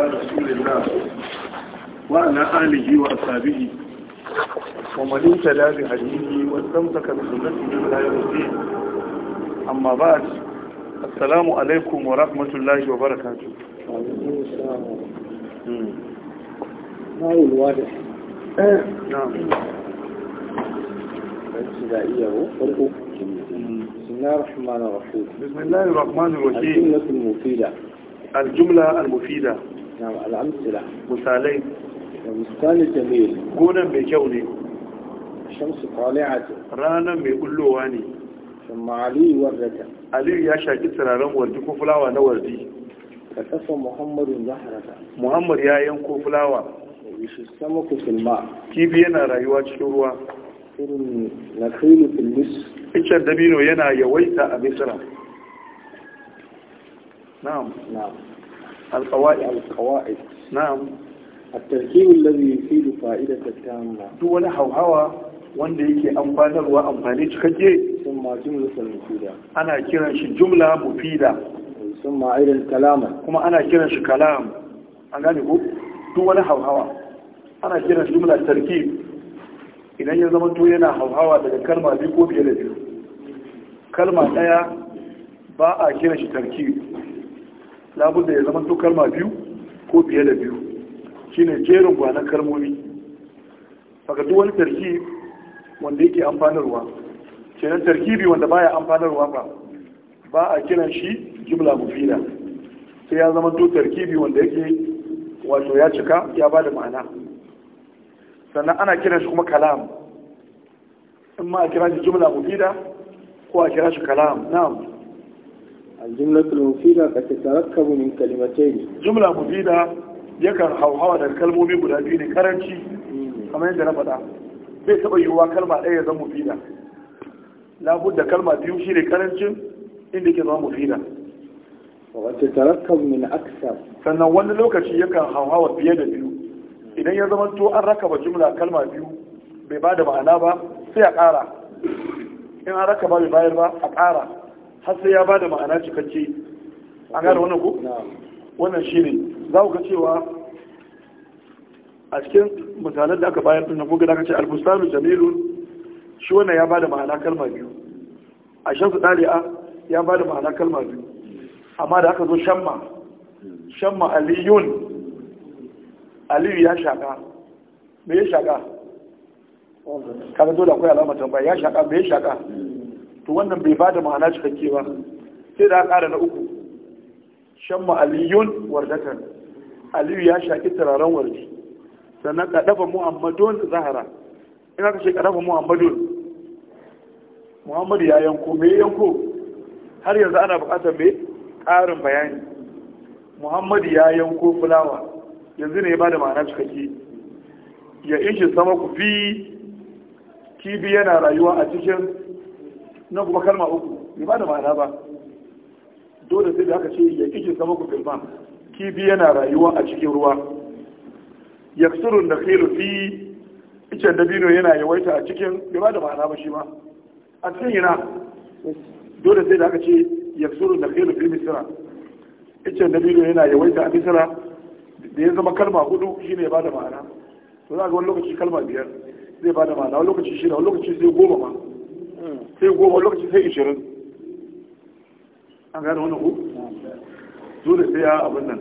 على رسول الله وعلى آله وأصحابه ومن اهتدى بهديه واستمسك بسنته إلى يوم الدين أما بعد السلام عليكم ورحمة الله وبركاته وعليكم السلام ما هو الواضح نعم بسم الله الرحمن الرحيم بسم الله الرحمن الرحيم الجملة المفيدة الجملة المفيدة نعم الأمثلة مثالين بستان الجميل قونا بجولي الشمس طالعة رانا بقلواني ثم علي وردة علي يا شاكت سرارم وردكو فلاوة نوردي فكف محمد زهرة محمد يا ينكو فلاوة ويش السمك في الماء كيف ينا رايوات شروع نخيل في المس إيش الدبينو ينا يويتا أبي نعم نعم القواعد القواعد نعم التركيب الذي يفيد فائدة التامة دون هوهوا wanda yake amfanarwa amfani cikakke ana kiran shi jumla mufida sun ma kuma ana kiran shi kalam an wani hauhawa ana kiran shi jumla tarkib idan ya zama to yana hauhawa daga kalma biyu ko da biyu kalma daya ba a kiran shi da ya zama to kalma biyu ko biye da biyu shine jerin gwanan kalmomi daga duk wani tarki wanda yake amfanarwa tarki tarkibi wanda baya amfanarwa ba ba a kiran shi jimla mufida sai ya zama to tarkibi wanda yake wato ya cika ya ba da ma'ana sannan ana kiran shi kuma kalam in ma a kira shi jimla mufida ko a kira shi kalam na'am الجملة المفيدة قد تتركب من كلمتين جملة مفيدة yakan hauhawa da kalmomi guda biyu ne karanci kamar yadda na faɗa bai taɓa yiwuwa kalma ɗaya ya zama mufida labud da kalma biyu shi karancin inda ke zama mufida wata tarakkab min aksar sannan wani lokaci yakan hauhawa fiye da biyu idan ya zama to an rakaba jumla kalma biyu bai ba da ma'ana ba sai a ƙara in an ba bai bayar ba a ƙara har sai ya bada ma'ana cikakke an gane wannan ku wannan ne. za ku ga cewa a cikin misalan da aka bayar tunan gugu da aka ce albustanu jamilun shi wannan ya bada ma'ana kalma biyu a su ɗari'a ya bada ma'ana kalma biyu amma da aka zo shamma shamma aliyun aliyu ya shaka me ya shaka kaga dole akwai alamar tambaya ya shaka me ya shaka to wannan bai bada ma'ana cikakke ba sai da ƙara na uku shan ma'aliyun wardatar aliyu ya shaƙi turaren wardi sannan ƙaɗafa muhammadun zahara in aka ce ƙaɗafa muhammadun muhammadu ya yanko me yanko har yanzu ana buƙatar me ƙarin bayani muhammadu ya yanko fulawa yanzu ne ya bada ma'ana cikakke ya ishi sama ku fi kibi yana rayuwa a cikin nan kuma kalma uku bai ba da ma'ana ba dole sai da aka ce ya kike sama ku filma kibi yana rayuwa a cikin ruwa yaksurun da kai rufi icen dabino yana yawaita a cikin bai ba da ma'ana ba shi ma a cikin yana dole sai da aka ce yaksurun da kai rufi misira icen dabino yana yawaita a misira da ya zama kalma hudu shine ya ba da ma'ana to za a ga wani lokaci kalma biyar zai ba da ma'ana wani lokaci shida wani lokaci sai goma ma sai goma lokaci sai ishirin an gane wani ku dole sai ya abin nan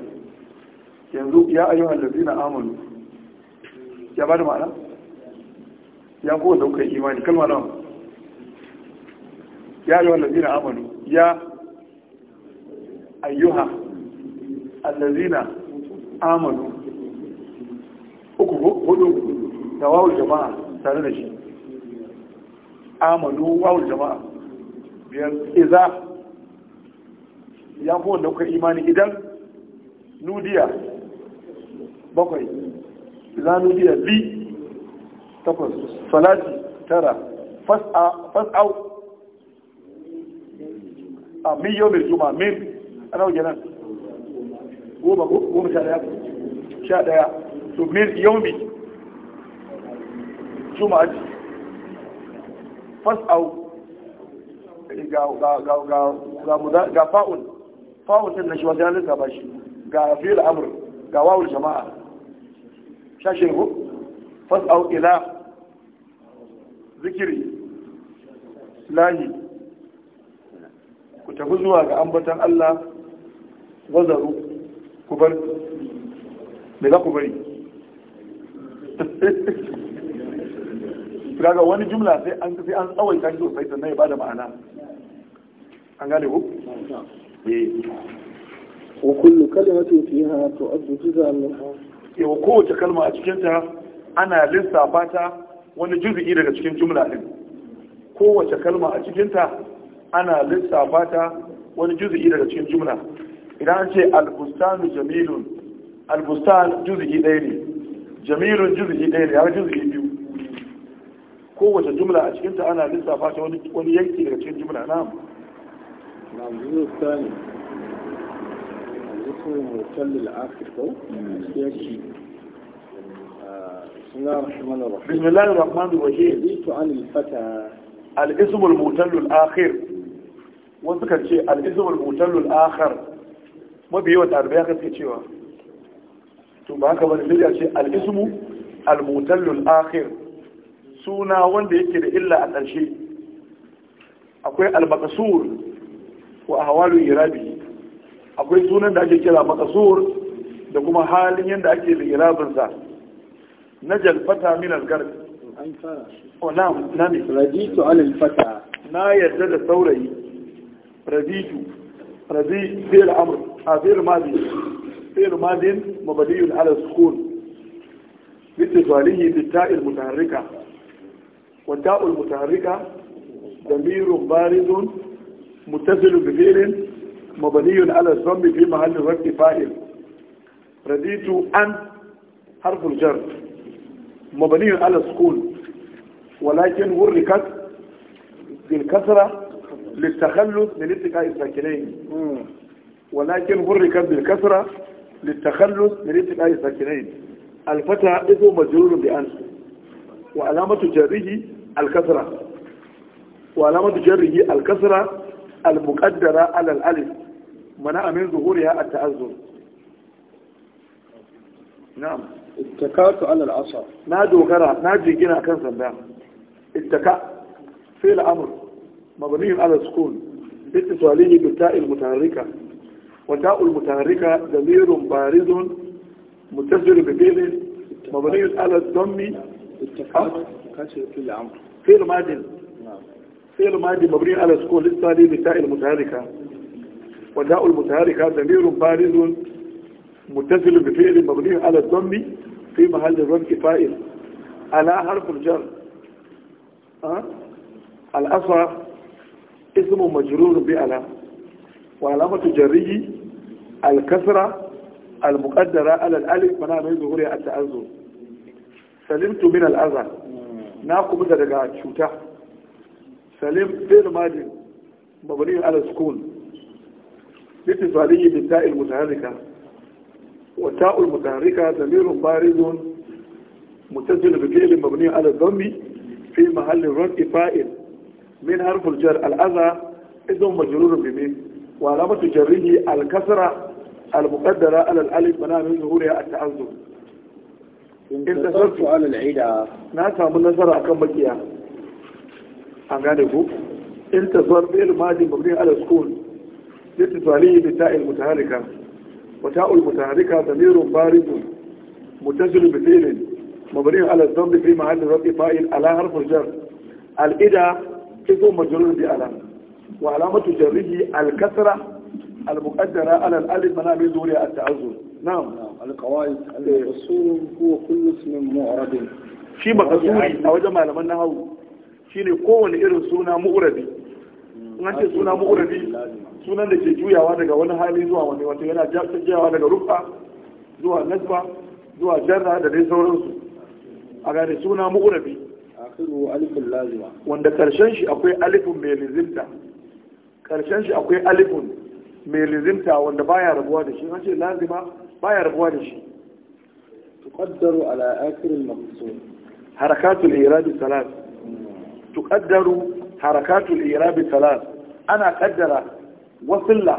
yanzu ya ayyuhan lazina amanu ya ba da ma'ana ya kowa da kuka imani kalma nan ya ayyuhan lazina amanu ya ayyuha allazina amanu uku hudu da wawon jama'a tare da shi amalu wawul jama'a biyar iza ya fi wanda kuka imani idan nudiya bakwai iza nudiya bi takwas salati tara fas'au a min yau mai juma min ana wajen nan goma goma sha daya sha daya to min yau mai juma'a fas'au eh, ga fa'un fa'un sun na shi wajen halitta ba shi ga da amur ga wawul jama'a sha shi fas'au ila zikiri lahi ku tafi zuwa ga ambatan Allah wazaru ku bar me za ku bari kaga wani jumla sai an sai an tsawaita shi sai sannan ya bada ma'ana an gane ku eh wa kullu kalimatin fiha tu'addu juz'an minha eh Ko kowace kalma a cikin ta ana lissafa ta wani juz'i daga cikin jumla din kowace kalma a cikin ta ana lissafa ta wani juz'i daga cikin jumla idan an ce al-bustanu jamilun al-bustan juz'i ɗaya ne jamilun juz'i ɗaya ne har juz'i kowace jumla a cikinta ana lissafa ta wani yanki daga cikin jumla na الاسم المرسل للآخر بسم الله الرحمن الرحيم بسم الله الرحمن الرحيم الاسم المرسل الآخر وذكر شيء الاسم المرسل الآخر ما بيو تربيه كيف ثم to ba haka bane sai ya ce al-ismu al akhir suna wanda yake da illa a ƙarshe akwai al-maqsur wa ahwalu irabi akwai sunan da ake kira makasur da kuma halin yadda ake da irabinsa. na jalfata min algar gard oh, na yadda al-fata na da saurayi raditu radi fi'l amr fi'l madi fi'l madin mabniy ala sukun bi tisalihi bi ta'il mutaharrika والتاء المتحركة ضمير بارز متصل بفعل مبني على الضم في محل رد فاعل رديت أن حرف الجر مبني على السكون ولكن وركت بالكسرة للتخلص من اتقاء الساكنين ولكن وركت بالكسرة للتخلص من اتقاء الساكنين الفتى اسم مجرور بأن وعلامة جره الكسرة وعلامة جره الكسرة المقدرة على الألف منع من ظهورها التأذر نعم اتكأت على العصر نادو كرا ناجي جنا كان سبع اتكأ في الأمر مبني على السكون اتصاله بالتاء المتحركة وتاء المتحركة دمير بارز متصل بفعل مبني على الضم اتكأت كاتشي فعل امر فعل ماضي نعم ماضي مبني على سكون للثاني بتاء المتحركه وداء المتحركه ضمير بارز متصل بفعل مبني على الضم في محل الرفع فائل على حرف الجر أه؟ الأصح اسم مجرور بألا وعلامة جره الكسرة المقدرة على الألف منع من ظهورها التأذن سلمت من الأذى na kuma daga cuta salim bin madin babani al school yake zali yi ta'il mutaharrika wa ta'ul mutaharrika zamirun barizun mutajjil bi fi'li mabni fi mahalli raf'i fa'il min harful jar al adha idhum majrur bi wa alamatu jarrihi al kasra al muqaddara ala al alif bana min zuhuriha al inda sarfu alal aida na samu nasara akan makiya an gane ku in tasar bil madi mabni ala sukun litisalihi bi ta'il mutaharrika wa wata mutaharrika damirun baridun muttasil bi fi'lin mabni ala dhambi fi mahalli rafi fa'il ala harf jar al'ida ida ism majrur bi ala wa alamatu jarrihi al kasra al muqaddara ala al alif mana min zuriya at ta'azzur na'am alqawaid al-usul huwa kullu ismin mu'rabin shi makasuri a wajen malaman nahawu shine kowane irin suna mu'rabi in an ce suna mu'urabi. sunan da ke juyawa daga wani hali zuwa wani wato yana juyawa daga rufa zuwa nasba zuwa jarra da dai sauransu a gane suna mu'urabi. wanda karshen shi akwai alifun mai lizimta karshen shi akwai alifun mai lizimta wanda baya rabuwa da shi an ce lazima باير غوارش تقدر على آخر المقصود حركات الإيراد الثلاث تقدر حركات الإيراد الثلاث أنا أقدر وصل له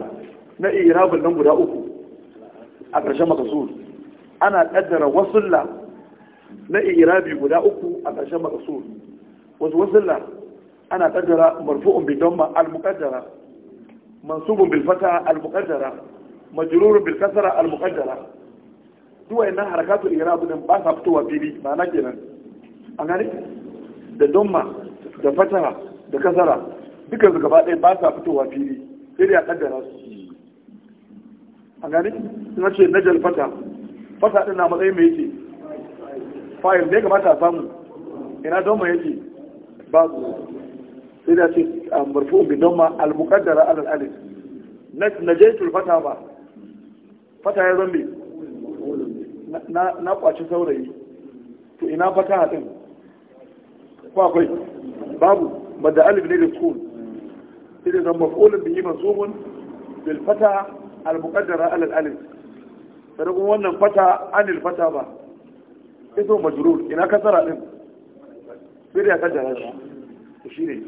ما إيراد النمبر أكو أبرشان مقصود أنا أقدر وصل له ما إيراد يقول أكو أبرشان مقصود وصل له أنا أقدر مرفوع بدم المقدرة منصوب بالفتحة المقدرة majrurun bil kasra al muqaddara duk wayannan harakatul i'rab din ba sa fitowa fili ma'ana kenan an gane da dumma da fataha dukkan su gaba ɗaya ba fili sai a kaddara su an gane sun ce najal fata fata na matsayin mai yake fayil ne kamata a samu ina dumma yake babu sai da ce marfu'un bi dumma al muqaddara ala al alif fata ba fata ya zambe na kwaci saurayi to ina fata haɗin ko akwai babu bada alif ne da sukun sai da zama kolin biyi masubun bil fata al-muqaddara alal alif sai kuma wannan fata anil fata ba iso majrur ina kasara din sai da kaddara shi shi ne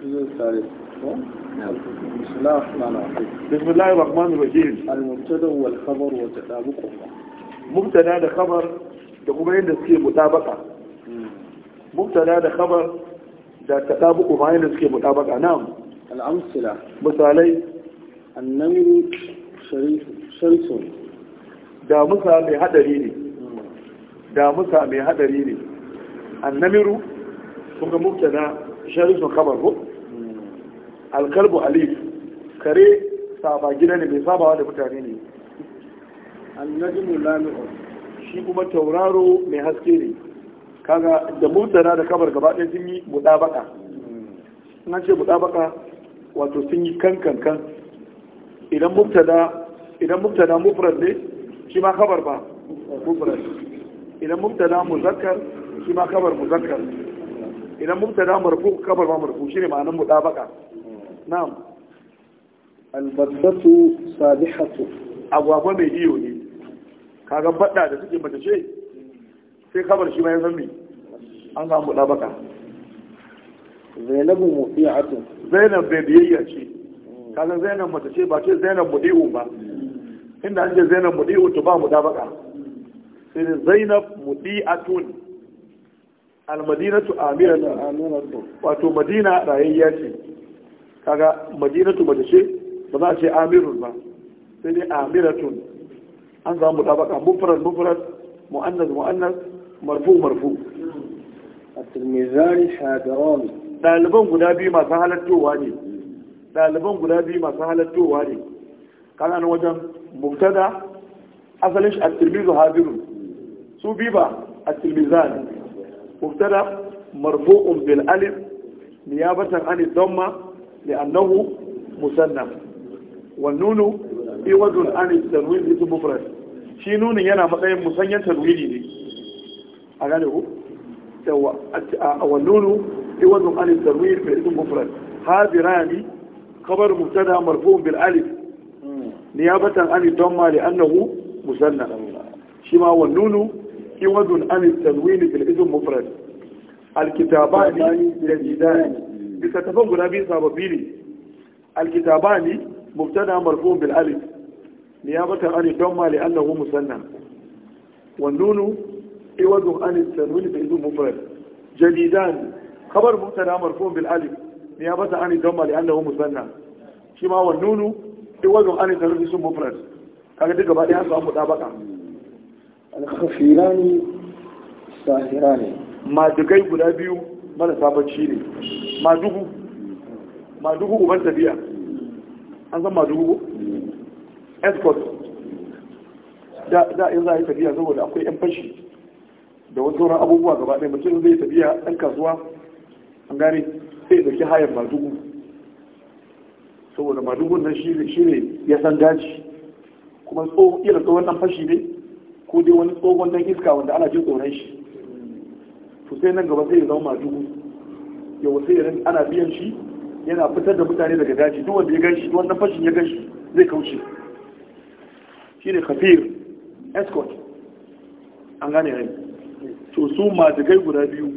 Thank you. بسم الله الرحمن الرحيم بسم المبتدا والخبر وتطابقهما مبتدا ده خبر da kuma yadda suke mutabaka mubtada da khabar da tatabuku yadda suke mutabaka na'am al-amsila misalai annawi sharisun da musa mai hadari ne da musa mai hadari ne annamiru mubtada khabar ko alkalbu alif kare saba gida ne mai sabawa da mutane ne annajmu lami'u shi kuma tauraro mai haske ne kaga da mutana da kabar gaba ɗaya sun yi mutabaka nan ce mutabaka wato sun yi kankan kan idan mubtada idan mubtada mufrad ne shi ma kabar ba mufrad idan mubtada muzakkar shi ma kabar muzakkar idan mubtada marfu kabar ba marfu shine ma'anar mutabaka na'am albasatu sabihatu agwagwa mai iyo ne kaga badda da suke mace ce sai kabar shi ma ya san me an samu da baka zainabu mufi'atu zainab bai biyayya ce kaga zainab mace ce ba ce zainab mudi'u ba inda an ce zainab mudi'u to ba mu da baka sai zainab mudi'atun almadinatu amiratu wato madina rayayya ce kaga madinatu ba ce ba za a ce amirun ba sai dai amiratun an za mu dabaka mufrad mufrad mu'annas mu'annas marfu marfu at-tirmidhi hadran daliban guda biyu masu halattowa ne daliban guda biyu masu halattowa ne kana nan wajen mubtada asalin shi at-tirmidhi hadirun su bi ba at-tirmidhi mubtada marfu'un bil alif niyabatan an dhamma لأنه مسنف والنون إيوز عن التنوين في مفرد شي نون ينا مطعم مسنين تنويني لي أغانيه والنون إيوز عن التنوين باسم مفرد راني خبر مبتدا مرفوع بالالف نيابة عن الضمة لأنه مسنف شما والنون إيوز عن التنوين بالاسم مفرد يعني يعني بكتفهم قرابين صاحب فيني الكتابان مبتدا مرفوع بالالف نيابة عن الدمى لأنه مسنى ونونو عوض عن التنوين بإذن مفرد جديدان خبر مبتدا مرفوع بالالف نيابة عن الدمى لأنه مسنى شما والنون عوض عن التنوين بإذن مفرد كان يدق بعد أن تقوم بطابقة الخفيران ساهران ما دقيق الأبيو ما لصابت شيري madugu madugu uban tafiya an san madugu escort da da in za a yi tafiya saboda akwai yan fashi da wasu sauran abubuwa gaba ɗaya mutum zai tafiya ɗan kasuwa an gane sai ɗauki hayar madugu saboda madugun nan shi ne ya san daji kuma irin tsohon nan fashi ne ko dai wani tsohon nan iska wanda ana jin tsoron shi to sai nan gaba sai ya zama madugu ya wasu irin ana biyan shi yana fitar da mutane daga daji duk wanda ya gan shi wannan fashin ya gan shi zai kauce shi ne kafir escort an gane rai to su kai guda biyu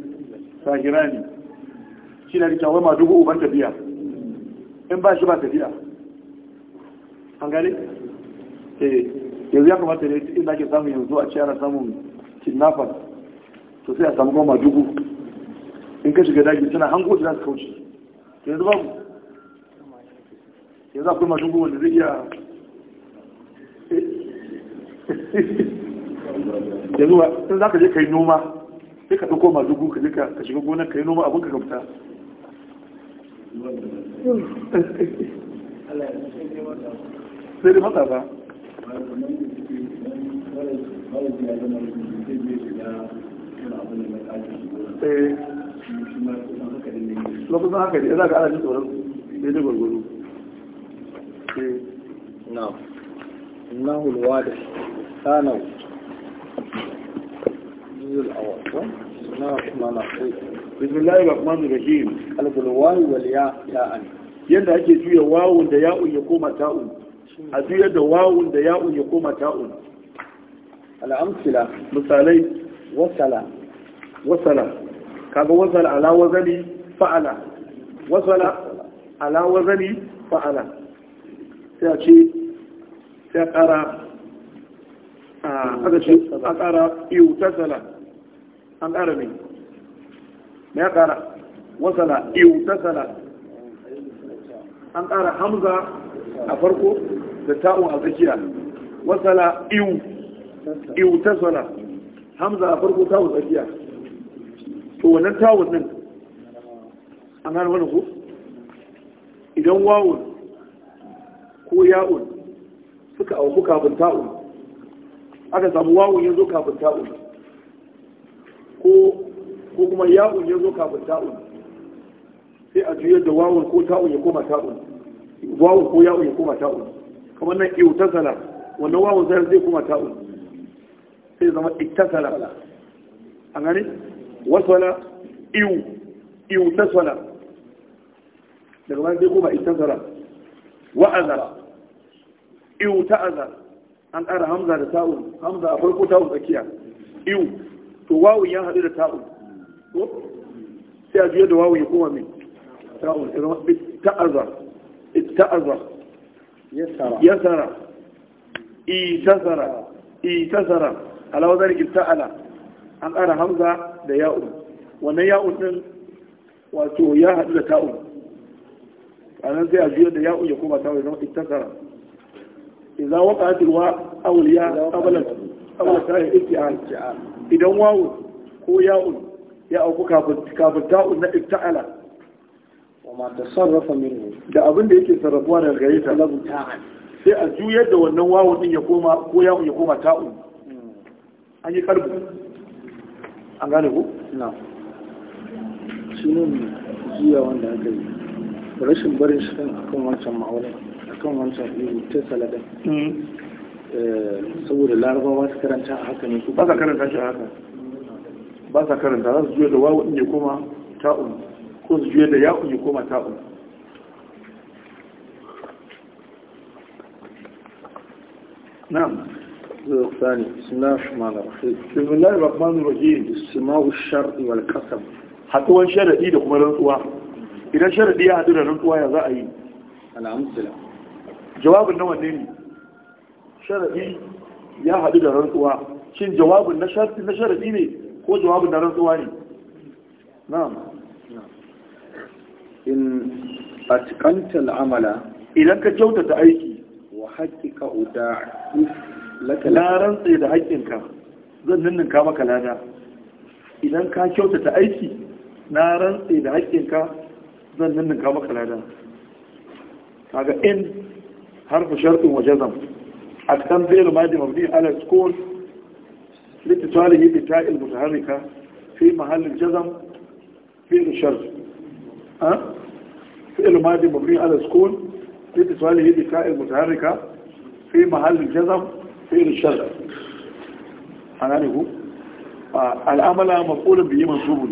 sahira ne shi na rikin ma dubu uban tafiya in ba shi ba tafiya an gane eh, yanzu ya kamata ne inda ake samun yanzu a ciyar samun kidnappers to sai a samu goma dubu in ka shiga daji suna hango da za su kauce yanzu babu yanzu akwai masu goma da zai iya yanzu ba in za ka je ka yi noma sai ka ɗauko masu gu ka shiga gonar ka yi noma abin ka ka fita sai da matsa ba eh lokacin haka ne za ka ana jin tsoron daidai gwargwaro eh. na na kai. da sanau بسم الله الرحمن الرحيم البلوان والياء ياء Yadda ake juya wawun da ya'un ya koma ta'un a juya da wawun da ya'un ya koma ta'un al'amsila misalai wasala wasala kaga wazala ala wazali fa'ala wazala ala wazali fa'ala sai a ce sai a ƙara aka ce a ƙara iutasala an ƙara mai mai ƙara wasala iutasala an ƙara hamza a farko da ta'un a tsakiya wasala iu iutasala hamza a farko ta'un tsakiya to wannan tawun nan an gano wani ko idan wawun ko ya'un suka auku kafin ta'un aka samu wawun ya zo kafin ta'un ko kuma ya'un ya zo kafin ta'un sai a juyar da wawun ko ta'un ya koma ta'un wawun ko ya'un ya koma ta'un kamar nan sala, wannan wawun zai koma ta'un sai zama ittasala a gani waswana iwu iwu taswana daga bayan zai koma itasara wa'azara iwu ta'azar an ƙara hamza da ta'un hamza a farko ta'un tsakiya iwu to wawun ya haɗu da ta'un sai a juya da wawun ya koma mai ta'un ta'azar ta'azar yasara itasara itasara ala wazar ibta'ala an ƙara hamza da ya'un wannan ya'un din wato ya haɗu da ta'un anan sai a juya da ya'un ya koma ta'un zama ittasara idza waqa'at alwa aw ya qablat qabla ta'i ibtial idan wawu ko ya'un ya auku kafin kafin ta'un na ittala wa ma tasarrafa minhu da abin da yake sarrafuwa daga gare ta labu sai a juyar da wannan wawu din ya koma ko ya'un ya koma ta'un hmm. an yi karbu an gane ku? na shi ne jiya wanda aka yi rashin barin shi kan akan wancan ma'aunin akan wancan iri ta salada mm. eh, saboda larabawa su karanta a haka ne ku ba sa karanta shi a haka ba sa karanta za su juya da wawo in koma ta'un ko su juya da ya'un ya koma ta'un na'am الثاني بسم الله الرحمن الرحيم بسم الله الرحمن الرحيم السماء الشرط والقسم حتوان شرطي da kuma rantsuwa idan sharadi ya hadu da rantsuwa ya za a yi alhamdulillah jawabin na wanne ne sharadi ya hadu da rantsuwa shin jawabin na sharadi na sharadi ne ko jawabin na rantsuwa ne na'am in atqanta al'amala idan ka kyautata aiki wa haqqika uda'a na rantse da haƙƙinka zan ninninka maka lada idan ka kyautata aiki na rantse da haƙƙinka zan ninninka maka lada kaga in harfi sharɗin waje zan a kan zai rumadi mabni ala skol littattali yi bita'il mutaharrika fi mahallin jazam fi rishar fi rumadi mabni ala skol littattali yi bita'il mutaharrika في محل الجزم fi'il shar a gane ku al'amala maqulun bihi mansubun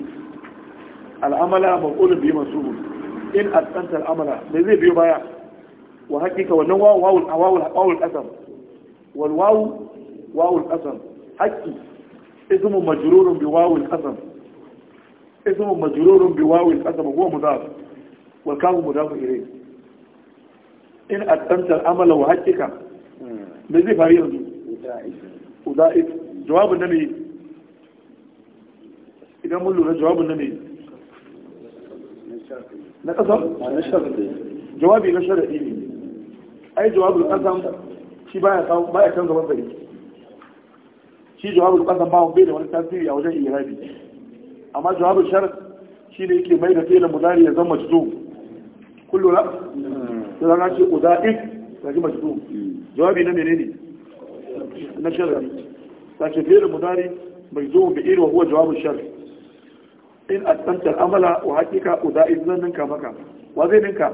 al'amala maqulun bihi mansubun in atanta al'amala me zai biyo baya wa haƙiƙa wannan wawu wawul wawul wawul qasam wal wawu wawul qasam haqqi ismu majrurun bi wawul qasam ismu majrurun bi wawul qasam huwa mudaf wal kawu mudaf ilayhi in atanta al'amala wa haƙiƙa me zai faru yanzu أولئك جواب النبي إذا أقول له جواب النبي نقصر جوابي نشر أي جواب القسم شي باية قوم باية كان زمان بي شي جواب القسم باهم بيلي وانا تنسيري أو جاي إيرادي أما جواب الشر شي ليكي ميدة فيه لمداري يزم مجزوم كله لا تلانا شي أولئك لكي مجزوم جوابي نمي نيني na sharri sake fi'il mudari mai zo bi irin huwa jawabin sharri in a astantar amala wa hakika ku uda izan ninka maka wa zai ninka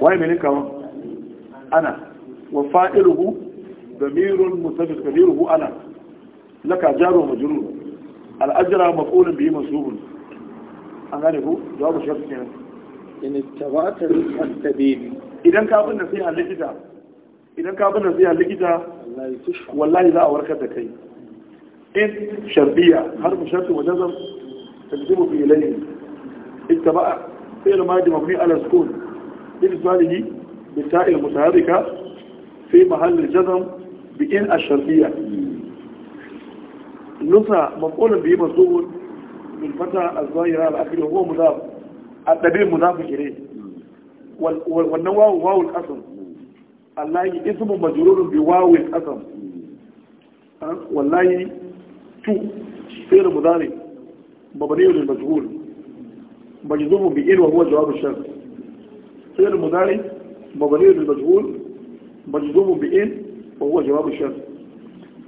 waye mai ninka wa ana wa fa'iluhu damirun mutafis kabiruhu ana laka jaro majrur al'ajra maf'ulun masu mansubun an gane ku jawabin sharri kenan in ittaba'ta al-tabib idan kafin na bin nasiha likita idan ka bi nasiha likita wallahi za a warkar da kai in sharbiya har mu shartu wa jazam tajzibu fi ilayhi ittaba fi'l madi mabni ala sukun in zalihi bi ta'il mutaharrika fi mahall al-jazm bi in ash-sharbiya نصا مقول به مصدور بالفتى الظاهرة على الأخير وهو مضاف الدبير مضاف إليه والنواو واو الأصل wallahi ismu majrurun bi wawil qasam wallahi tu fi'l mudari mabniun lil majhul majzumu bi in wa huwa jawab ash-shart fi'l mudari mabniun lil majhul majzumu bi in wa huwa jawab ash-shart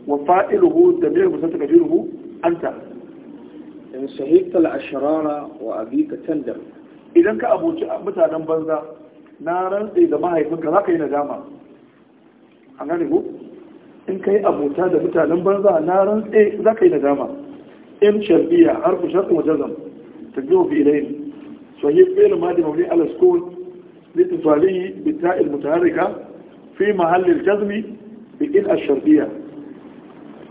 wa fa'iluhu tabi'u mutakaddiruhu anta in shahidt al-ashrara wa abika tandam idan ka abuci mutanen banza na rantsi da mahaifinka za ka yi na dama a gane ko in ka yi abota da mutanen banza na rantse za ka yi na dama in shar'iyya har ku shar'in wajen zam ta biyo fi ilayin sahih fi'il madi mabni ala sukun litisalihi bi ta'il mutaharrika fi mahallil jazmi bi in ash-shar'iyya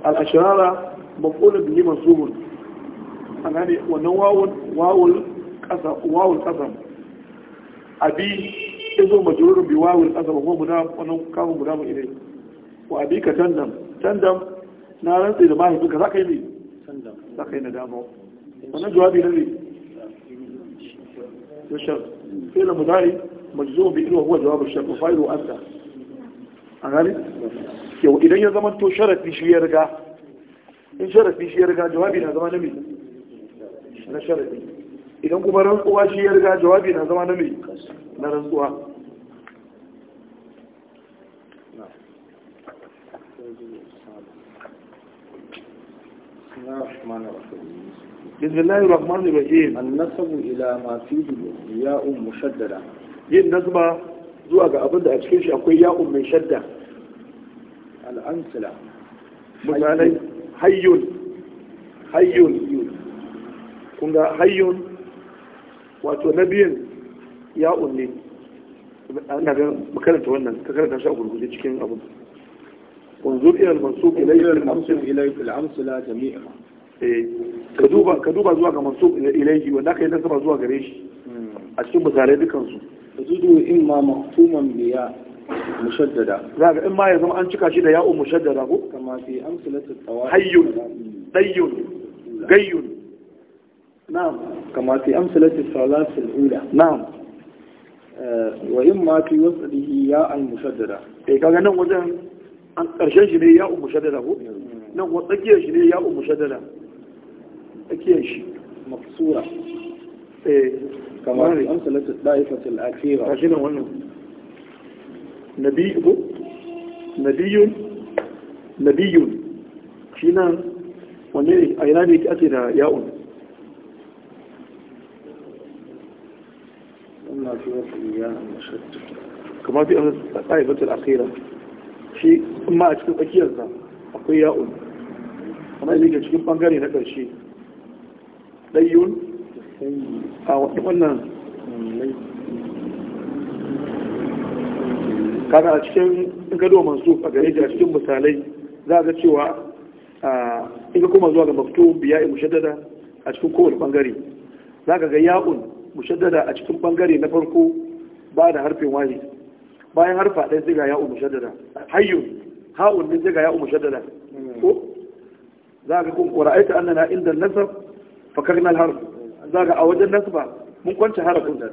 al-ashrara yi masu mansubun A gane wannan wawul wawul qasam wawul qasam abi ya zo majurun biwawin wannan guda mu wa tandam tandam na rantsi da yi ne yi na wannan jawabi na idan ya zama to sharafi shi ya riga in sharafi shi ya riga jawabi na zama nami na sharafi idan kuma rantsuwa shi ya riga jawabi na zama nami na rantsuwa بسم الله الرحمن الرحيم النسب الى ما فيه ياء مشدده yin nasba zuwa ga abin da a cikin shi akwai ya'un mai shadda ansala misalai hayyun hayyun kun ga hayyun wato na ya ya'un ne ana ga makarantar wannan ka karanta shi a gurguje cikin abin انظر الى المنصوب اليه في المنصوب اليه في العنصله جميعا إيه. كدوبا كدوبا زوا كما منصوب اليه وداك ينسب زوا غريش اشي مثالي دكانسو كدوبا اما مفهوما بيا مشددا زاك اما يا زمان انشكا شي ده يا ام مشددا هو كما في امثله الطوارئ حي ديون غيون نعم كما في امثله الثلاث الاولى نعم آه، وإما في وصله يا المشددة إيه كأنه وزن an ƙarshen shi ne ya umu shaddada ko nan wa tsakiyar shi ne ya umu shaddada tsakiyar shi mafsura eh kamar ne an salatu da'ifatul akhira kashi nan wannan nabi ko nabiyun nabiyun shi nan wanne ne a ina ne ake da ya'un كما في الطائفة الأخيرة shi kuma a cikin tsakiyarsa akwai ya'un kuma yi ga cikin bangare na ƙarshe ɗayyun a wannan kada a cikin gado masu a gare a cikin misalai za a ga cewa in ka kuma zuwa ga mafito biya in mushaddada a cikin kowane bangare za ka ga ya'un mushaddada a cikin bangare na farko ba da harfin wahid bayan harfa ɗaya sai ya umu shaddada hayyun ha'un ne sai ya umu shaddada ko za ka kun kora aita annana inda nasab fakakna harf za ka a wajen nasba mun kwanci harafin da.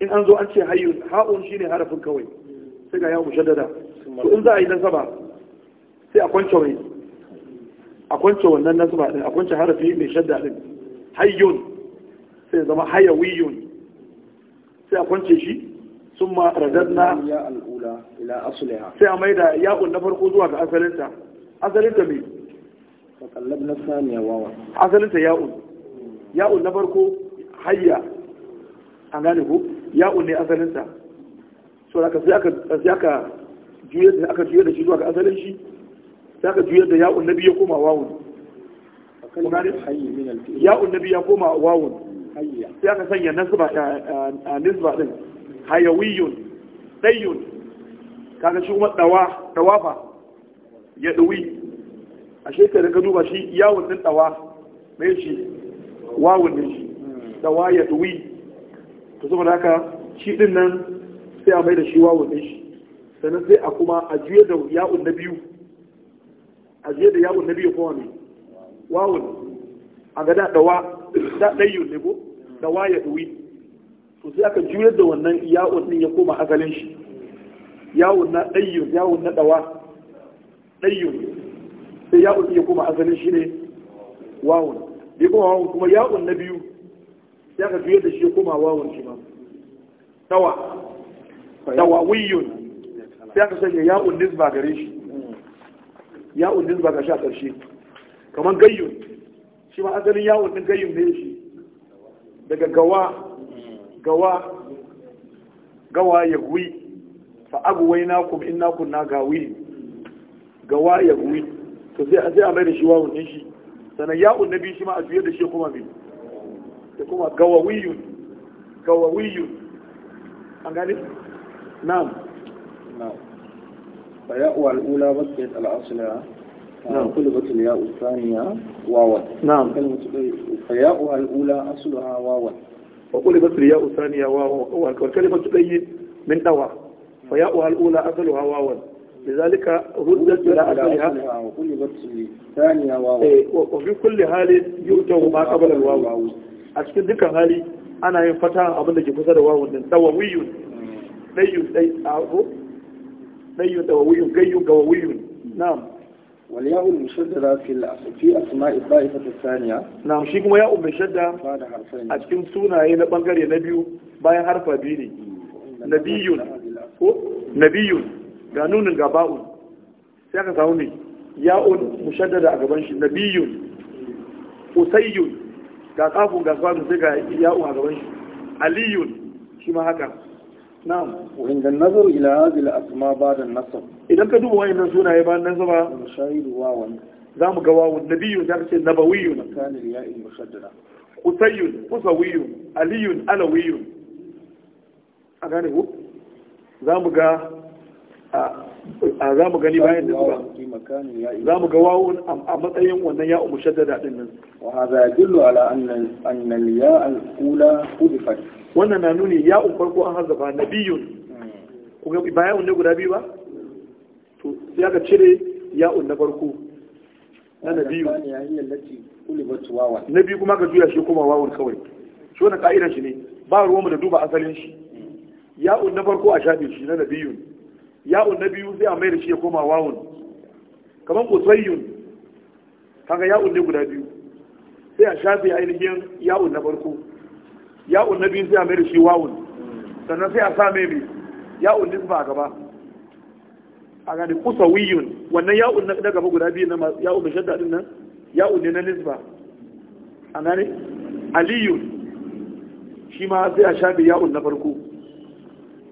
in an zo an ce hayyun ha'un shine harafin kawai sai ya umu shaddada to in za a yi nasaba sai a kwance wani a kwance wannan nasba din a kwance harafi mai shadda din hayyun sai zama hayawiyun sai a kwance shi ثم رددنا يا الاولى الى اصلها سيميدا يا اولى asalinta asalinta me asalinta ya ul na farko hayya an gane ku ne asalinta so da kasi sai aka juye da da shi zuwa ga asalin shi sai da ya ul nabi koma wawa ya ul nabi koma wawa sai aka sanya nisba din hayawiyun dayun kaga shi kuma dawa dawafa ya dawi a shekara ka duba shi yawon din dawa mai shi wawon din shi dawa ya dawi to saboda haka shi din nan sai a mai da shi wawon din shi sannan sai a kuma a juye da yawon na biyu a juye da yawon na biyu kuma ne wawon a ga da dawa da ne ko dawa ya dawi to sai aka juyar da wannan ya'un din ya koma asalin shi ya'un na dayyun ya'un na dawa dayyun sai ya'un ya koma asalin shi ne wawun da kuma wawun kuma ya'un na biyu sai aka juyar da shi ya koma wawun shi ma dawa dawa wiyun sai aka sanya ya'un nisba gare shi ya'un nisba ga sha karshe kamar gayyun shi ma asalin ya'un din gayyun ne shi daga gawa gawa gawa ya gwi fa wai na kuma ina na ga gawi gawa ya gwi to sai a sai a mai da shi wawon shi sanan ya unnabi shi ma a juye da shi kuma bi da kuma gawa wiyu an gani na'am na'am Ba ya wal ula basat al asla نعم قلبت الياء الثانية واوا ya uwa al’ula الأولى أصلها wawon وقلبت الياء الثانية واو والكلمة تبين من دواء فياؤها الأولى أصلها واو لذلك ردت إلى أصلها وقلبت الثانية واو وفي كل حال يؤتوا ما قبل الواو أشكد ذكر حالي أنا ينفتح أبدا جفزة أبن لك فسر واو دووي ديو ديو دووي قيو قووي نعم Wani ya ule mu shadda za su yi la'afi a kuma ya ule shadda a cikin sunaye bangare na biyu bayan harfa biyu ne? Nabiyu. Nabiyu. Ganunin ga ba'u ne sai aka sahu ne. Ya'un mu shadda a gaban shi. Nabiyu. Kusaiyu. Ga kafu ga kasuwar masu kai ya'un a gaban shi. Aliyu. Shima haka. نعم وعند النظر إلى هذه الأسماء بعد النصب إذا كدوا وين نزونا يبان نزبا المشاهد واو زام قواو النبي ذاك النبوي مكان الياء المشددة قسي قسوي علي علوي أغاني هو زام قا zamu gani bayan da zuwa zamu ga wawun wannan na nuni ya farko an hazafa nabiyun kuma ba ya un ne guda biyu ba to sai aka cire ya na farko na biyu na biyu kuma ka juya shi kuma wawon kawai shi wani ka'idar shi ne ba ruwanmu da duba asalin shi ya na farko a shafe shi na biyun. ya na biyu sai a mai da shi ya koma wawon kamar kusayyun kaga ya ne guda biyu sai a shafe ainihin ya na farko ya'un na biyu sai a mai da shi wawun sannan sai a sa mai mai ya'un nisba a gaba a gani kusa wiyun wannan ya'un na gaba guda biyu na masu. ya'un da shadda din nan ya'un ne na nisba a gani aliyun shi ma sai a shafe ya'un na farko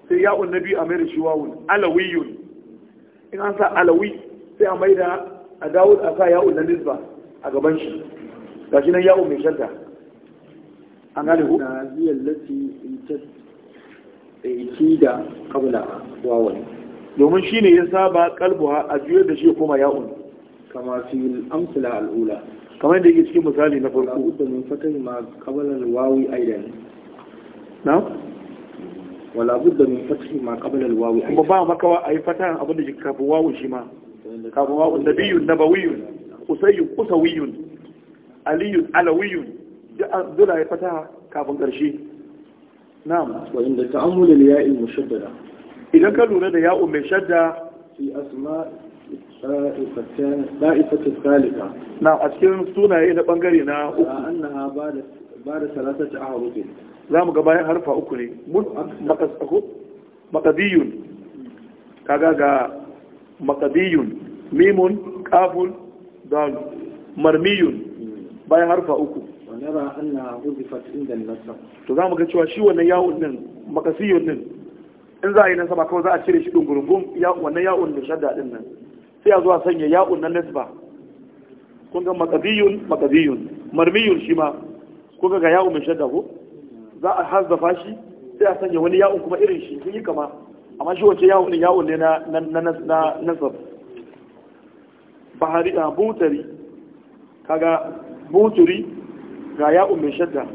sai ya'un na biyu a mai da shi wawun alawiyun in an sa alawi sai a mai da a dawo a sa ya'un na nisba a gaban shi gashi nan ya'un mai shadda an gane ku hiyar lati ita da kabla wawon domin shi ne ya saba kalbuwa a juyar da shi kuma ya'un kama fi amsila al'ula kamar da yake cikin misali na farko da min fatai ma kabla wawi ne. na wala budda min fathi ma qabla wawi aida. kuma ba makawa a yi fata abin da kafin wawu shi ma kafin wawu nabiyun nabawiyyun usayyun kusawiyun aliyun alawiyun duk ya fata kafin ƙarshe na'am wa inda ya'il mushaddada idan ka lura da ya'u mai shadda fi asma salika na a cikin sunaye na bangare na uku annaha ba da za mu ga bayan harfa uku ne makasako makadiyun kaga ga mimun kafun dal marmiyun bayan harfa uku nara anna hudifat inda nasab to za mu ga cewa shi wannan yawon din makasiyun din in za a yi nasaba kawai za a cire shi dungurungun wannan yawon da shadda din nan sai a zuwa sanya yawon na nasba kun ga makasiyun makasiyun marmiyun shi ma kun ga yawon mai shadda ko za a hazzafa shi sai a sanya wani yawon kuma irin shi sun yi kama amma shi wace yawon din yawon ne na nasab bahari a ah, butari kaga buturi ناياء من شدة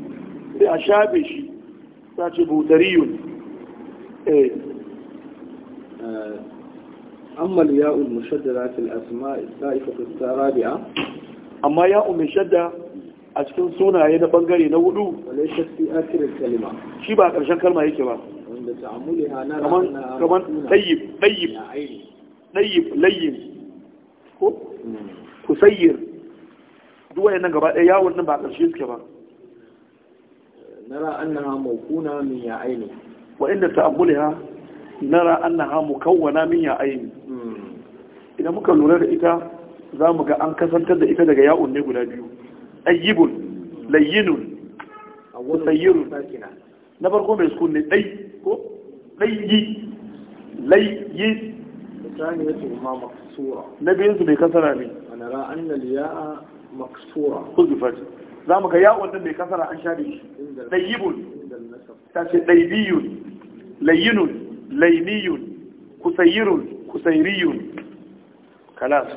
لأشابش تاجب ايه, إيه. آه، أما الياء المشددة في الأسماء السائفة في الرابعة أما ياء من شدة أشكل سونا هنا بنغري نولو وليست في آخر الكلمة شبا عشان كلمة هيك ما عند تعملها نرى كمان كمان طيب طيب طيب لين كسير duk wayannan gaba ɗaya yawon nan ba a ƙarshe suke ba nara hamu kuna min ya aini wa inda ta'ammulha nara annaha kawwana min ya aini hmm. idan muka lura da ita za mu ga an kasantar da ita daga yawon ne guda biyu ayyibun layyinun musayyirun na farko mai sukun ne ɗai ko ɗayyi layyi na biyun su mai kasara ne maksura huzufat za mu ga yawon nan mai kasara an share shi dayyibun ta ce daybiyun layyinun kalas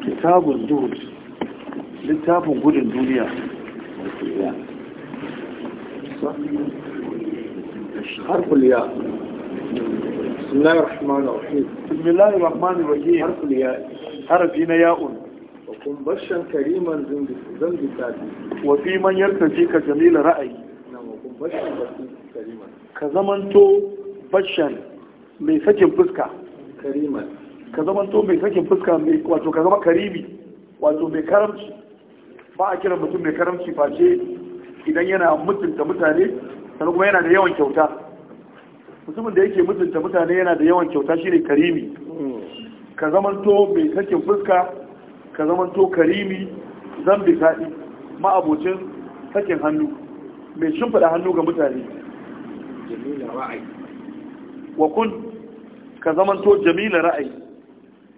كتاب littafin gudun duniya har kuliya sinayar shimano ake ƙin milayi waje har kuliya na ya'un wakun bashan kariman zangita ne wafi manyan kaji ka jamila ra'ayi na bashan mai sakin fuska wato ka wato mai karamci ba a kiran mutum mai karamci face idan yana mutunta mutane sannan kuma yana da yawan kyauta mutumin da yake mutunta mutane yana da yawan kyauta shine karimi ka zamanto mai sakin fuska ka zamanto karimi zan bi ma'abocin sakin hannu mai shimfiɗa hannu ga mutane wa kun ka zamanto jamila ra'ayi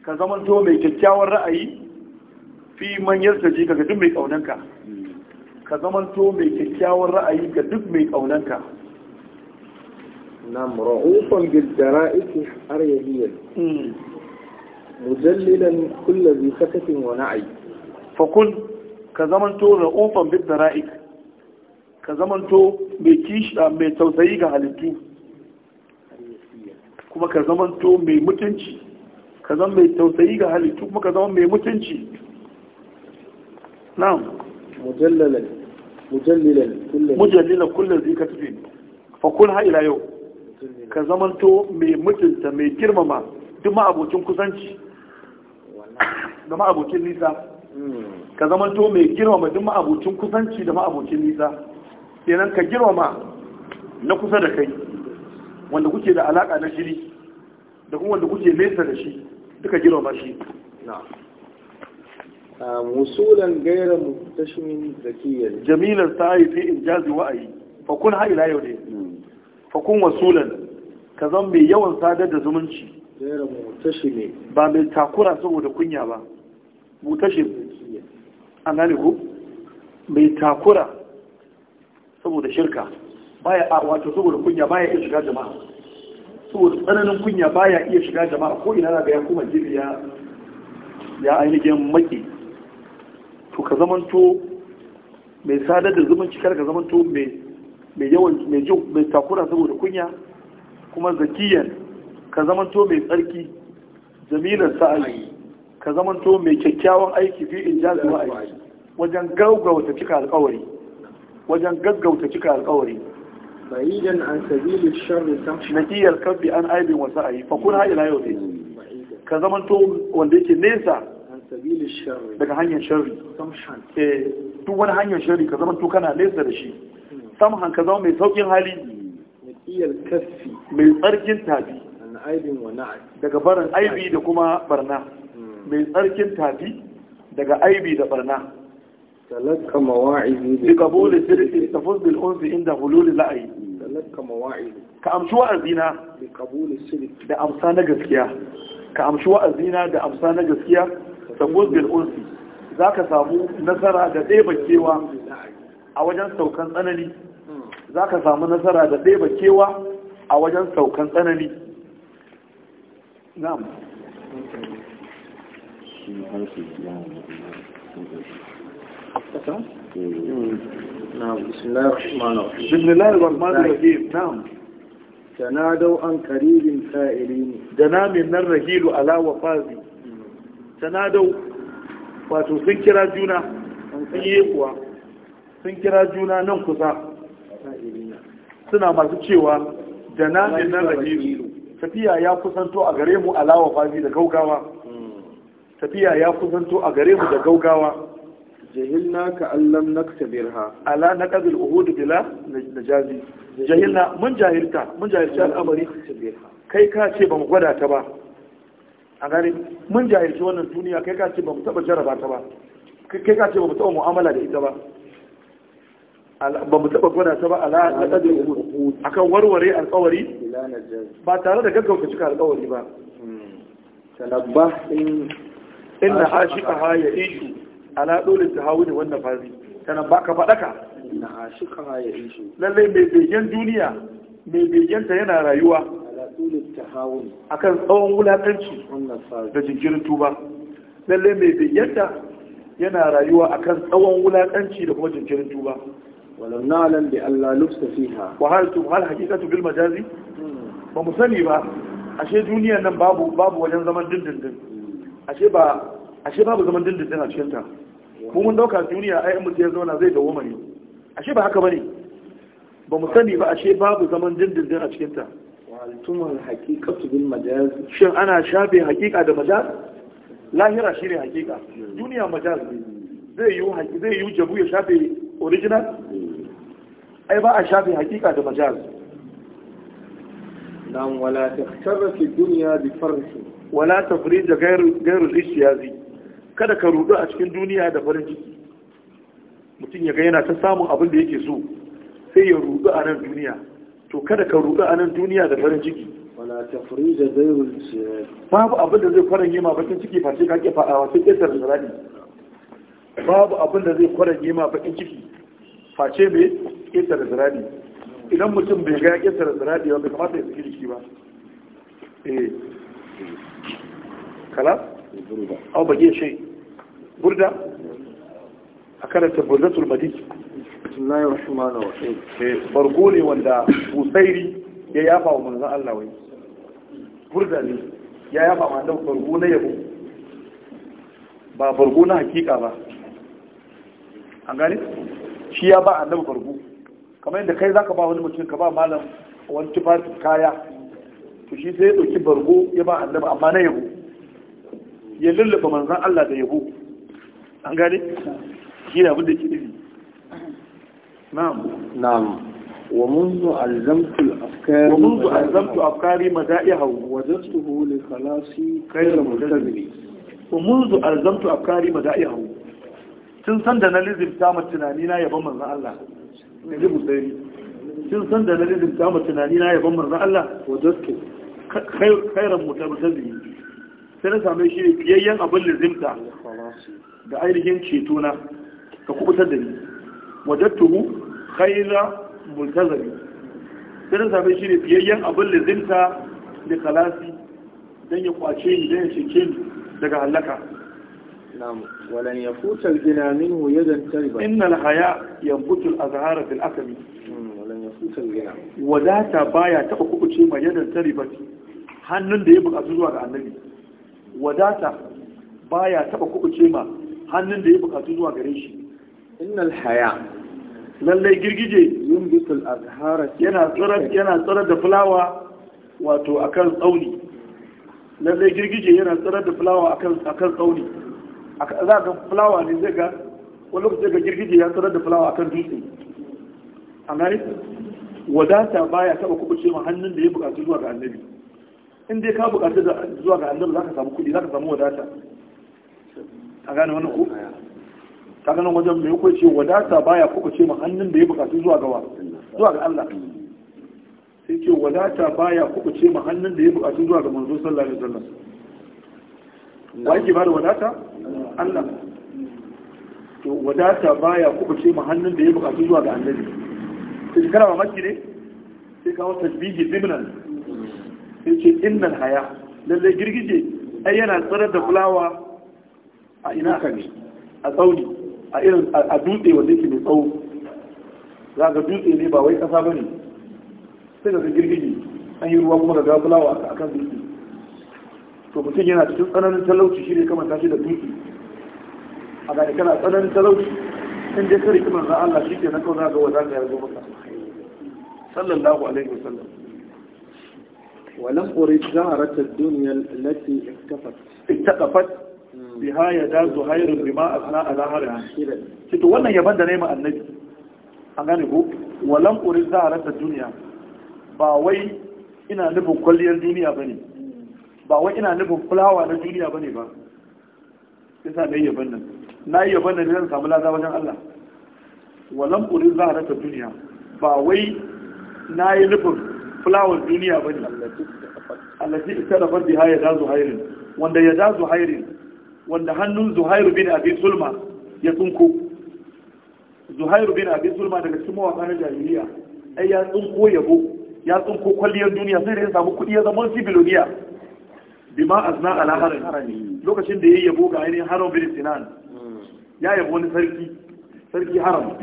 ka zamanto mai kyakkyawan ra'ayi fi man yartaji ka ga duk mai kaunanka ka zamanto mai kyakkyawar ra'ayi ga duk mai kaunanka nam ra'ufan bil jara'iki aryahiyyan hmm. mujallilan kullum bi sakatin wani na'i fakun kun ka zamanto ra'ufan gidara ita ka zamanto mai kishida ah, mai tausayi ga halittu kuma ka zamanto mai mutunci ka zama mai tausayi ga halittu kuma ka zama mai mutunci نعم مجللا مجللا كل مجللا كل zai ka tafi fa kun ha yau ka مي mai mutunta mai girmama duk ma'abocin kusanci da ma'abocin nisa hmm. ka zamanto mai girmama duk ma'abocin kusanci da ma'abocin nisa kenan ka girmama na kusa da kai wanda kuke da alaka na shiri da kuma wanda kuke nesa da shi duka girmama shi musulan gairar mutashimin zakiyar jamilar sa'i fi injazi wa'ayi fakun ha ila yau ne fakun wasulan ka zan mai yawan sadar da zumunci gairar mutashimin ba mai takura saboda kunya ba mutashin an gane ku mai takura saboda shirka baya a wato saboda kunya baya iya shiga jama'a saboda tsananin kunya baya iya shiga jama'a ko ina za ga ya kuma jibi ya ainihin maki to ka zamanto mai sadar da zumunci kar ka zamanto mai yawan mai mai takura saboda kunya kuma zakiyan ka zamanto mai tsarki jamilar sa'ayi ka zamanto mai kyakkyawan aiki fi in jazi wa aiki wajen gaggauta cika alkawari wajen gaggauta cika alkawari bayidan an sabili sharri kam nakiyar kabbi an aibin wasu ayi fa kun ha ila yau ne ka zamanto wanda yake nesa daga hanyar shari eh, duk wani hanyar shari ka zama tukana lesa da shi samun ka zama mai saukin hali mai tsarkin tafi daga barin aibi da kuma barna hmm. mai tsarkin tafi daga aibi da barna talaka mawa'izi da kabo da sirri ta fuzbi al'unzi inda hululi la'ayi ka amshi wa azina da amsa na gaskiya ka amshi wa azina da amsa na gaskiya tagos bil unsi za ka samu nasara da ɗeba kewa a wajen saukan tsanani za ka samu nasara da ɗeba kewa a wajen saukan tsanani na'am بسم الله الرحمن الرحيم بسم الله الرحمن الرحيم نعم تنادوا عن قريب سائلين دنا tanadau wato sun kira juna sun yi kuwa sun kira juna nan kusa suna masu cewa da na nan rahiru tafiya ya kusanto a gare mu alawa fazi da gaugawa tafiya ya kusanto a gare mu da gaugawa jahilna ka allam ha ala naqdil uhudu bila najazi jahilna mun jahilta mun jahilta al'amari kai ka ce ba mu gwada ta ba a gane mun jahilci wannan duniya kai ka ce ba mu taɓa jaraba ta ba kai ka ce ba mu taɓa mu'amala da ita ba ba mu taɓa gwada ta ba a alƙadar a kan warware alƙawari ba tare da gaggauta cika alƙawari ba talabba in na hashi a haya ishu a laɗolin ta hawo da wannan fazi tanabba ka fadaka na hashi a haya ishu lallai mai begen duniya mai begen ta yana rayuwa akan tsawon wulakanci da jinkirin tuba lalle mai bayyanta yana rayuwa akan tsawon wulakanci da kuma jinkirin tuba walau nalan da Allah lufsa fiha wa hal tu hal tu bil majazi ba mu sani ba ashe duniyar nan babu babu wajen zaman dindindin ashe ba ashe babu zaman dindindin a cikin ta mu mun dauka duniya ai mu ya zauna zai dawo ne ashe ba haka bane ba mu sani ba ashe babu zaman dindindin a cikin ta altumar haƙiƙatu bin majaz shin ana shafe haƙiƙa da majaz lahira shine haƙiƙa duniya majaz zai yi zai yi jabu ya shafe original ai ba a shafe haƙiƙa da majaz nan wala tahtarra fi dunya bi farhi wala tafrij ghayr ghayr al-ishtiyazi kada ka rudu a cikin duniya da farin ciki mutum ya ga yana ta samun abin da yake so sai ya rudu a nan duniya to kada ka ruɗa a nan duniya da farin ciki wala ta tafrija zairul sirr babu abin da zai faranye ma bakin ciki face ka ke fada sai ƙetar zirani babu abin da zai faranye ma bakin ciki face mai ƙetar zirani idan mutum bai ga ƙetar zirani ba bai kamata ya saki jiki ba eh kala aw bage shi burda a karanta burdatul madis Eh, bargo ne wanda busairi ya yafa wa manzan Allah wai burda ne ya yafa wa annabi bargo na yabo ba bargo na hakika ba an gane shi ya ba annabi bargo kamar yadda kai zaka ba wani mutum ka ba malam wani tufafin kaya to shi sai ya dauki bargo ya ba annabi amma na yabo ya lullaba manzan Allah da yabo an gane shi ne abin da ke nufi na'am na'am ومنذ ألزمت الأفكار ومنذ ألزمت أفكاري مدائها وجدته لخلاصي خير ملتزمي ومنذ ألزمت أفكاري مدائها tun san da na lizimta ma tunanina yaban manzan Allah ne ji musayri tun san da na lizimta ma tunanina yaban manzan Allah sai na same shi fiyayyen abin lizimta da ainihin ceto ka kubutar da ni wajattuhu khaira multazari sai na shi ne fiyayyen abin lizinta da kalasi don ya kwace ni don ya shike ni daga halaka نعم ولن يفوت الغنى منه يدا تربا ان الحياء ينبت الازهار في الاكم ولن يفوت الغنى وداتا بايا تبا kubuce ma yadan tariba hannun da ya bukatu zuwa ga annabi wadata baya taba kubuce ma hannun da ya bukatu zuwa gare shi innal haya lallai girgije yumbitul azhara yana tsirar yana tsirar da fulawa wato akan tsauni lallai girgije yana tsirar da fulawa akan akan tsauni za ga fulawa ne zai ga wani lokaci ga girgije ya tsirar da fulawa akan dutse a gani wadata baya taba kubuce ma hannun da ya buƙaci zuwa ga annabi in dai ka buƙaci zuwa ga annabi zaka samu kuɗi zaka samu wadata a gane wannan ko kaga nan wajen mai kwace wadata baya kuka ce ma hannun da ya bukatu zuwa gawa zuwa ga Allah sai ce wadata baya kuka ce ma hannun da ya bukatu zuwa ga manzo sallallahu alaihi wasallam wai ke bada wadata Allah to wadata baya kuka ce ma hannun da ya bukatu zuwa ga annabi sai kana ba makki ne sai kawo tasbihi zibnan sai ce innal haya lalle girgije ai yana tsare da fulawa a ina ka a tsauni a irin a dutse wanda yake mai tsawo za ga dutse ne ba wai kasa ba ne. sai ga girgiji an yi ruwa kuma ga fulawa a kan dutse to mutum yana cikin tsananin talauci shi ne kamar tashi da dutse a ga kana tsananin talauci in dai kare kuma za Allah shi ke na kawai za ga wadata ya zo maka sallallahu alaihi wasallam ولم أريد زهرة الدنيا التي اكتفت اكتفت biha ya da hairun bima a ala harha shi to wannan yaban da nayi ma annabi an gane ko walam urid zaharata duniya ba wai ina nufin kwalliyar duniya bane ba wai ina nufin fulawa na duniya bane ba yasa mai yaban nan Na yi yaban nan zan samu laza wajen Allah walam urid zaharata duniya ba wai na yi nufin fulawar duniya bane Allah ji ita da fardi ha ya da zuhairin wanda ya da zuhairin wanda hannun zuhairu bin abi sulma ya tsunko zuhairu bin abi sulma daga cikin mawaƙa na jahiliya ai ya tsunko yabo ya tsunko kwalliyar duniya sai da ya samu kuɗi ya zama si biloniya ma azna ala harami lokacin da ya yi yabo ga ainihin haram bin sinan ya yabo wani sarki sarki haram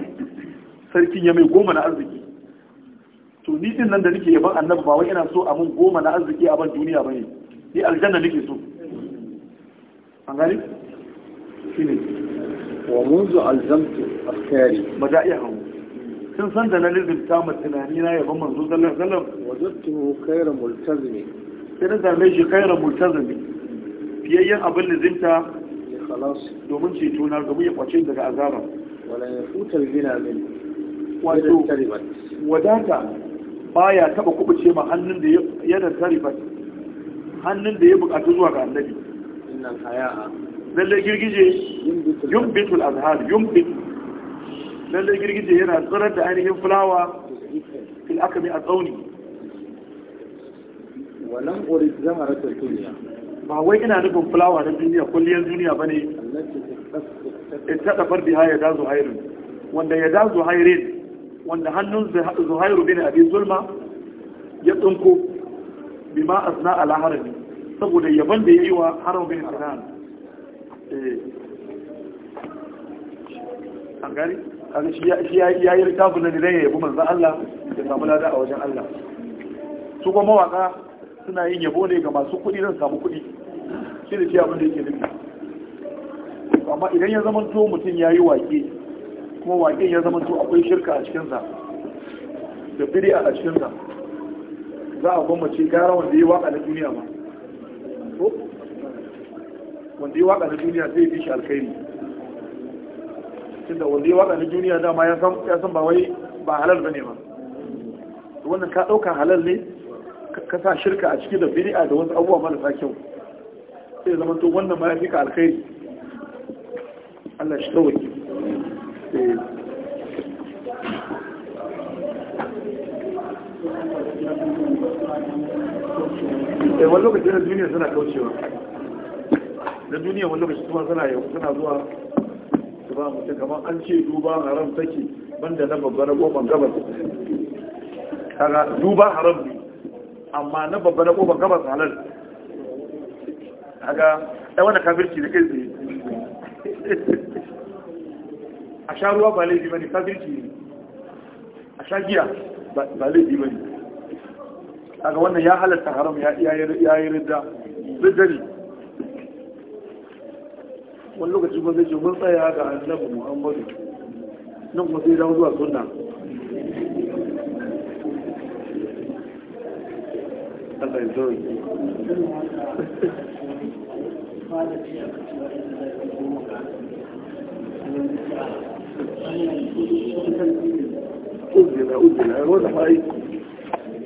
sarkin ya mai goma na arziki to ni din nan da nake yaban annabi ba wai ina so a mun goma na arziki a ban duniya bane ni aljanna nake so an gani shi ne wa munzu alzamtu afkari ba a iya hawo sun san da na lizimta ma tunani na yaban manzo sallallahu alaihi wasallam wajadtu khayra multazimi sai na zame shi khayra multazimi fiyayyen abin lizimta domin ceto na domin ya kwace daga azaba wala ya futar gina min wato wadata baya taba kubuce ma hannun da ya da taribat hannun da ya bukatu zuwa ga annabi lalle girgije yana tsirar da ainihin fulawa fil a tsauni ba wai ina nufin fulawa na duniya kulliyar duniya bane ta dafar biha ya da zuhairun wanda ya da zuhairin wanda hannun zuhairu bin abi zulma ya tsinko bima asna ala saboda yaban da ya yi wa haram bin haram eh. an gani shi ya yi littafin na nidan ya yabi manzan Allah da samu lada a wajen Allah su kuma mawaka suna yin yabo ne ga masu kuɗi don samu kuɗi shi da shi abin da yake nufi amma idan ya zama to mutum ya yi wake kuma wake ya zama to akwai shirka a cikinsa da biri a cikinsa za a gwammace gara wanda ya waka na duniya ba ko wanda ya waka na duniya zai fi shi alkhairi tunda wanda ya waka na duniya dama ya san ya san ba wai ba halal bane ba wannan ka dauka halal ne ka sa shirka a ciki da bid'a da wasu abubuwa marasa kyau sai zama to wannan ma ya fi ka alkhairi Allah shi kawai Eh, wani lokaci na duniya suna kaucewa duniya wani kuma suna yau suna zuwa su ba kamar an ce duba haram take banda na babba na goma gabas kaga duba haram ne amma na babba na goma gabas halal kaga ɗan wani kafirci da kai a sha ruwa ba laifi bane kafirci ne a sha giya ba laifi bane daga wannan ya halarta haram ya yi ridda riddari wani lokaci ba zai ce mun tsaya ga annabu muhammadu nan kuma sai dawo zuwa sunna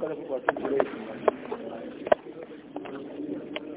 kada ku kwatanta laifin